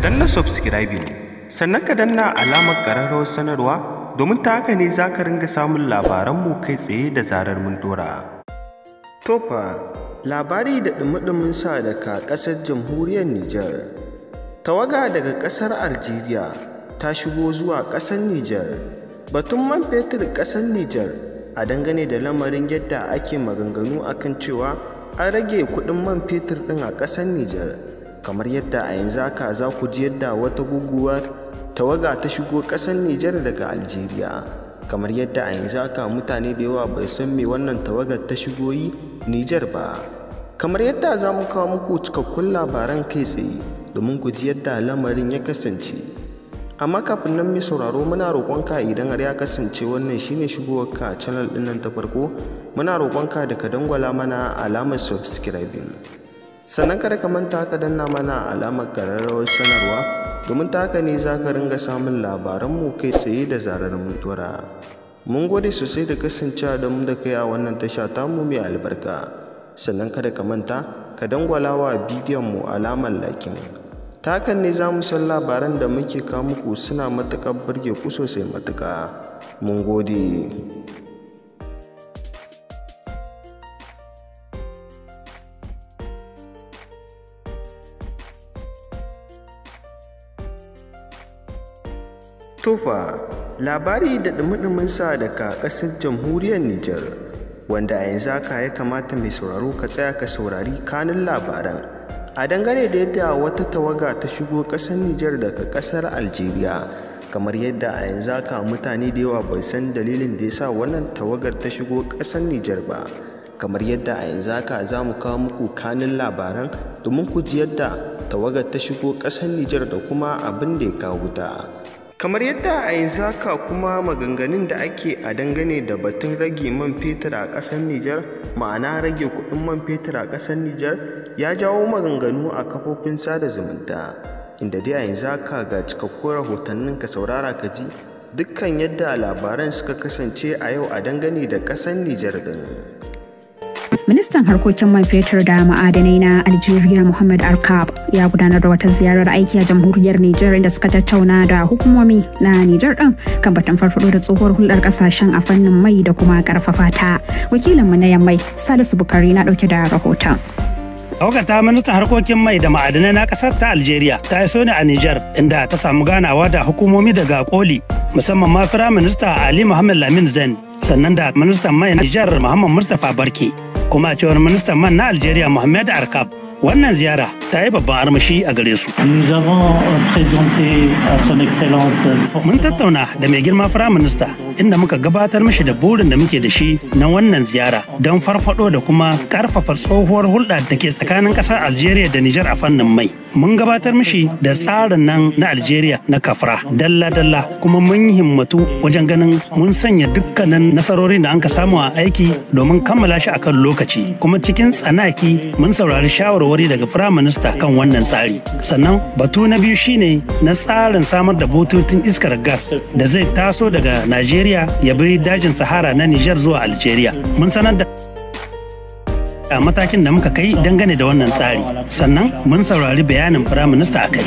danna subscribing sannan ka danna alamar ƙararrawar sanarwa domin ta haka ne za ka ringa samun labaranmu kai tsaye da zarar mun dora. Tofa labari da ɗumi-ɗumin sa daga ƙasar jamhuriyar Nijar. Tawaga daga ƙasar Algeria ta shigo zuwa ƙasar Nijar. Batun man fetur ƙasar Nijar a dangane da lamarin yadda ake maganganu akan cewa an rage kuɗin man fetur ɗin a ƙasar Nijar. kamar yadda a yanzu aka za ku ji yadda wata guguwar tawaga ta shigo ƙasar Nijar daga Algeria kamar yadda a yanzu aka mutane da yawa bai san me wannan tawagar ta shigo yi Nijar ba kamar yadda za mu kawo muku cikakkun labaran kai tsaye domin ku ji yadda lamarin ya kasance amma kafin nan mai sauraro muna roƙonka idan har ya kasance wannan shine ka a channel ɗin nan ta farko muna roƙonka daga dangwala mana alamar subscribing sannan kada ka manta ka danna mana alamar kararrawar sanarwa domin taka ne za ka ringa samun labaranmu kai tsaye da zarar mun tura mun gode sosai da kasancewa da mu da kai a wannan tasha mu mai albarka sannan kada ka manta ka dangwala wa bidiyon mu alamar lakin ta ne za mu san labaran da muke kawo muku suna matuƙar burge ku sosai matuƙa mun gode tufa labari da ɗumi sa daga ƙasar jamhuriyar Nijar wanda a yanzu aka ya kamata mai sauraro ka tsaya ka saurari kanin labaran. A dangane da yadda wata tawaga ta shigo ƙasar Nijar daga ƙasar Algeria kamar yadda a yanzu aka mutane da yawa bai san dalilin da ya sa wannan tawagar ta shigo ƙasar Nijar ba. kamar yadda a yanzu aka za mu kawo muku kanin labaran domin ku ji yadda tawagar ta shigo ƙasar Nijar da kuma abin da ya kawo ta. kamar yadda a yanzu haka kuma maganganun da ake a dangane da batun rage man fetur a ƙasar Nijar ma'ana rage kuɗin man fetur a ƙasar Nijar ya jawo maganganu a kafofin sada zumunta inda dai a yanzu haka ga cikakkun rahotannin ka saurara ka ji dukkan yadda labaran suka kasance a yau a dangane da ƙasar Nijar din. ministan harkokin man fetur da ma'adanai na algeria muhammad arkab ya gudanar da wata ziyarar aiki a jamhuriyar niger inda suka tattauna da hukumomi na niger din kan batun farfado da tsohuwar hulɗar kasashen a fannin mai da kuma karfafa ta wakilinmu na yammai salisu bukari na ɗauke da rahoton ta ministan harkokin mai da ma'adanai na kasar ta Algeria ta iso ne a Nijar inda ta samu ganawa da hukumomi daga koli musamman ma Firaminista Ali Muhammad Lamin Zain sannan da ministan mai na Nijar Muhammad Mustapha Barke. kuma a cewar ministan man na Algeria Mohamed Arkab wannan ziyara ta yi babban armashi a gare su. Euh, euh, Mun tattauna da mai girma firaminista inda muka gabatar mishi da burin da muke da shi na wannan ziyara don farfado da kuma karfafa tsohuwar hulɗa da ke tsakanin ƙasar Algeria da Nijar a fannin mai. Mun gabatar mishi da tsarin nan na Algeria na kafra dalla-dalla kuma mun yi himmatu wajen ganin mun sanya dukkanin nasarorin da anka samu a aiki domin kammala shi akan lokaci kuma cikin tsanaki mun saurari shawarwari daga firaminista kan wannan tsari. Sannan batu na biyu shine na tsarin samar da bututun iskar gas da zai taso daga Najeriya Nigeria ya bi dajin Sahara na Nijar zuwa Algeria. Mun sanar da a matakin da muka kai dangane da wannan tsari sannan mun saurari bayanin firaminista a kai.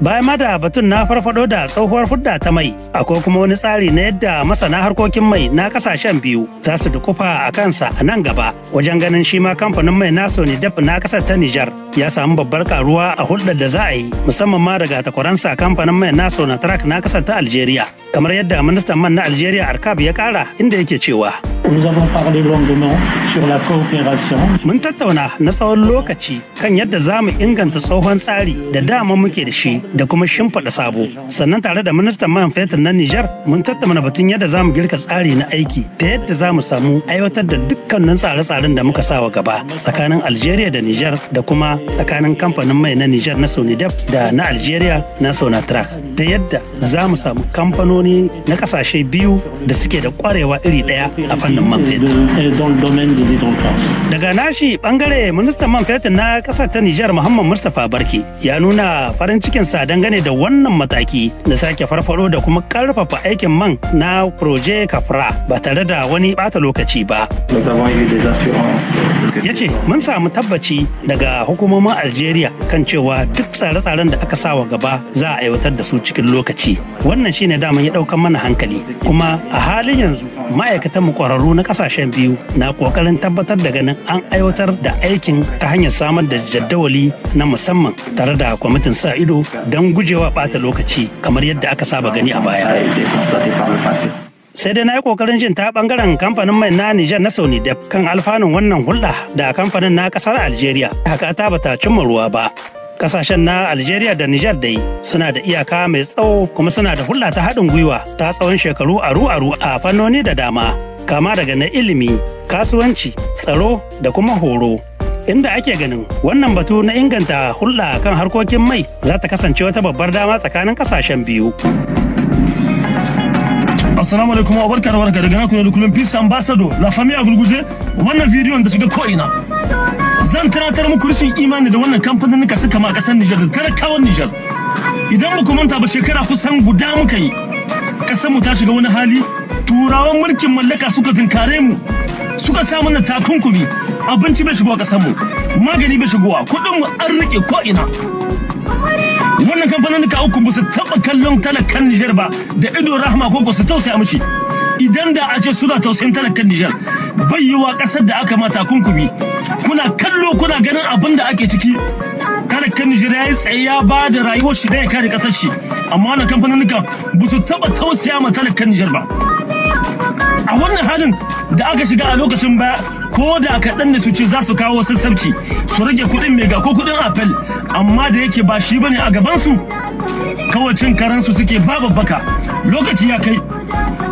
Bayan mada batun na farfado da tsohuwar hudda ta mai, akwai kuma wani tsari na yadda masana harkokin mai na kasashen biyu za su dukufa a kansa a nan gaba wajen ganin shi ma kamfanin mai na Soin-Dep na kasar ta Nijar ya samu babbar karuwa a hulɗar da za a yi musamman ma daga takwaransa kamfanin mai na track na kasar ta Algeria. kamar yadda ministan man na Algeria Arkab ya kara inda yake cewa. Mun tattauna na tsawon lokaci kan yadda za mu inganta tsohon tsari da dama muke da shi da kuma shimfiɗa sabo. Sannan tare da ministan man fetur na niger mun tattauna batun yadda za mu girka tsari na aiki ta yadda za mu samu aiwatar da dukkanin tsare-tsaren da muka sawa gaba tsakanin Algeria da niger da kuma tsakanin kamfanin mai na niger na Sonidep da na Algeria na Sonatrach ta yadda za mu samu kamfanoni gwamnoni na kasashe biyu da suke da kwarewa iri daya a fannin man fetur. Daga nashi bangare ministan man fetur na kasar ta Nijar Muhammad Mustapha Barki ya nuna farin cikin sa dangane da wannan mataki da sake farfado da kuma karfafa aikin man na Proje Kafra ba tare da wani bata lokaci ba. Ya ce mun samu tabbaci daga hukumomin Algeria kan cewa duk tsare-tsaren da aka sawa gaba za a aiwatar da su cikin lokaci. Wannan shine daman ya ɗaukan mana hankali kuma a halin yanzu ma'aikatan mu ƙwararru na ƙasashen biyu na ƙoƙarin tabbatar da ganin an aiwatar da aikin ta hanyar samar da jaddawali na musamman tare da kwamitin sa ido don gujewa ɓata lokaci kamar yadda aka saba gani a baya. sai dai na yi kokarin jin ta bangaren kamfanin mai na Nijar na Sony Dep kan alfanun wannan hulɗa da kamfanin na ƙasar Algeria haka ta bata cimma ruwa ba Kasashen na Algeria da Nijar dai suna da iyaka mai tsawo kuma suna da hulɗa ta haɗin gwiwa ta tsawon shekaru aru-aru a fannoni da dama, kama daga na ilimi, kasuwanci, tsaro da kuma horo. inda ake ganin wannan batu na inganta hulɗa kan harkokin mai za ta kasance wata babbar dama tsakanin kasashen biyu. Assalamu alaikum barka da barka daga nan kullum Peace Ambassador La Famille a gurguje wannan bidiyon da shiga ina zan tunatar muku rashin imani da wannan kamfanin nuka suka ma kasar Nijar da talakawan Nijar idan muku manta ba shekara kusan guda muka yi kasar mu ta shiga wani hali turawan mulkin mallaka suka tunkare mu suka sa mana takunkumi abinci bai shigowa kasar mu magani bai shigowa kuɗin mu an rike ina wannan kamfanin nuka uku ba su taɓa kallon talakan Nijar ba da ido rahama ko su tausaya mishi idan da a ce suna tausayin talakan Nijar bai yi wa ƙasar da aka mata kunkumi kuna kallo kuna ganin abin da ake ciki talakan Nijar ya yi tsaye ya ba da rayuwar shi da ya kare ƙasar shi amma wannan kamfanin ba su taɓa tausaya ma talakan Nijar ba a wannan halin da aka shiga a lokacin baya ko da kaɗan da su ce za su kawo wasu sassauci su rage kuɗin mega ko kuɗin apple amma da yake ba shi bane a gabansu kawai cin karansu suke babu baka lokaci ya kai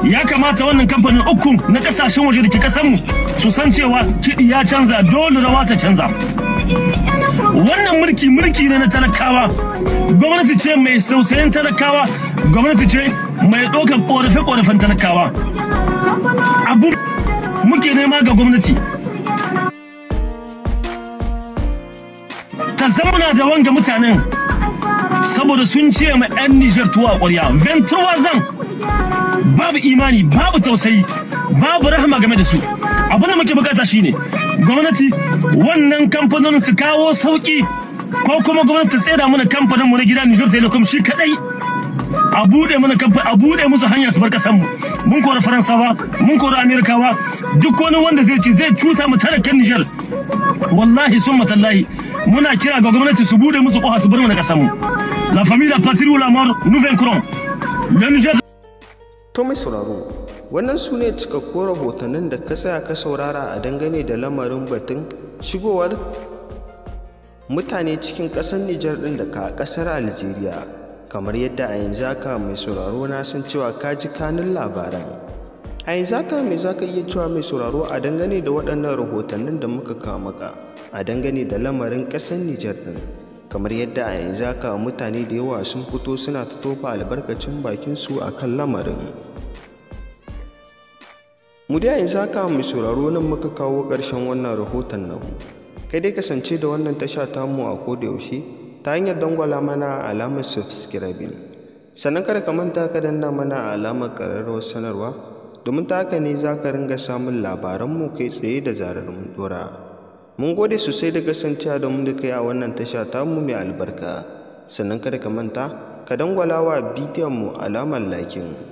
ya kamata wannan kamfanin uku na kasashen waje da ke kasanmu su san cewa kiɗi ya canza dole rawa ta canza wannan mulki mulki ne na talakawa gwamnati ce mai sausayin talakawa gwamnati ce mai ɗaukar ƙorafe-ƙorafen talakawa abu muke nema ga gwamnati ta zamana da wanga mutanen saboda sun ce ma 'yan nijar tuwa ƙwarya ventura zan babu imani babu tausayi babu rahama game da su abin da muke bukata shine gwamnati wannan kamfanin su kawo sauki ko kuma gwamnati ta tsera mana kamfanin mu na gida Niger Telecom shi kadai a bude mana kamfani a bude musu hanyar su bar kasan mu mun kora faransawa mun kora amerikawa duk wani wanda zai ci zai cuta mu talakan Niger wallahi summa tallahi muna kira ga gwamnati su bude musu kofa su bar mana kasan mu la famille la patrie ou la mort nous vaincrons le Niger To mai sauraro, wannan su ne cikakkun rahotannin da ka tsaya ka saurara a dangane da lamarin batun shigowar mutane cikin ƙasar Nijar ɗin da ka ƙasar Algeria. Kamar yadda a yanzu haka mai sauraro na san cewa ka ji kanin labaran. A yanzu haka mai za ka iya cewa mai sauraro a dangane da waɗannan rahotannin da muka kawo maka a dangane da lamarin ƙasar Nijar ɗin. kamar yadda a yanzu haka mutane da yawa sun fito suna ta tofa albarkacin bakinsu a kan lamarin mu da yanzu haka mai sauraro nan muka kawo ƙarshen wannan rahoton namu kai dai kasance da wannan tasha ta mu a yaushe ta hanyar dangwala mana alamar subscribing sannan kada ka manta ka danna mana alamar ƙararrawar sanarwa domin ta haka ne za ka ringa samun labaranmu kai tsaye da zarar mun dora mun gode sosai da kasancewa da mu da kai a wannan tasha mu mai albarka sannan kada ka manta ka dangwala wa bidiyon mu alamar lakin